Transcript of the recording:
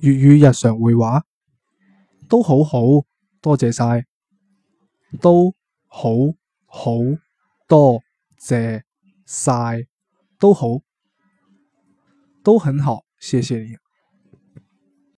粵語日常會話，都好好，多謝晒，都好好，多謝晒，都好都很好，謝謝你。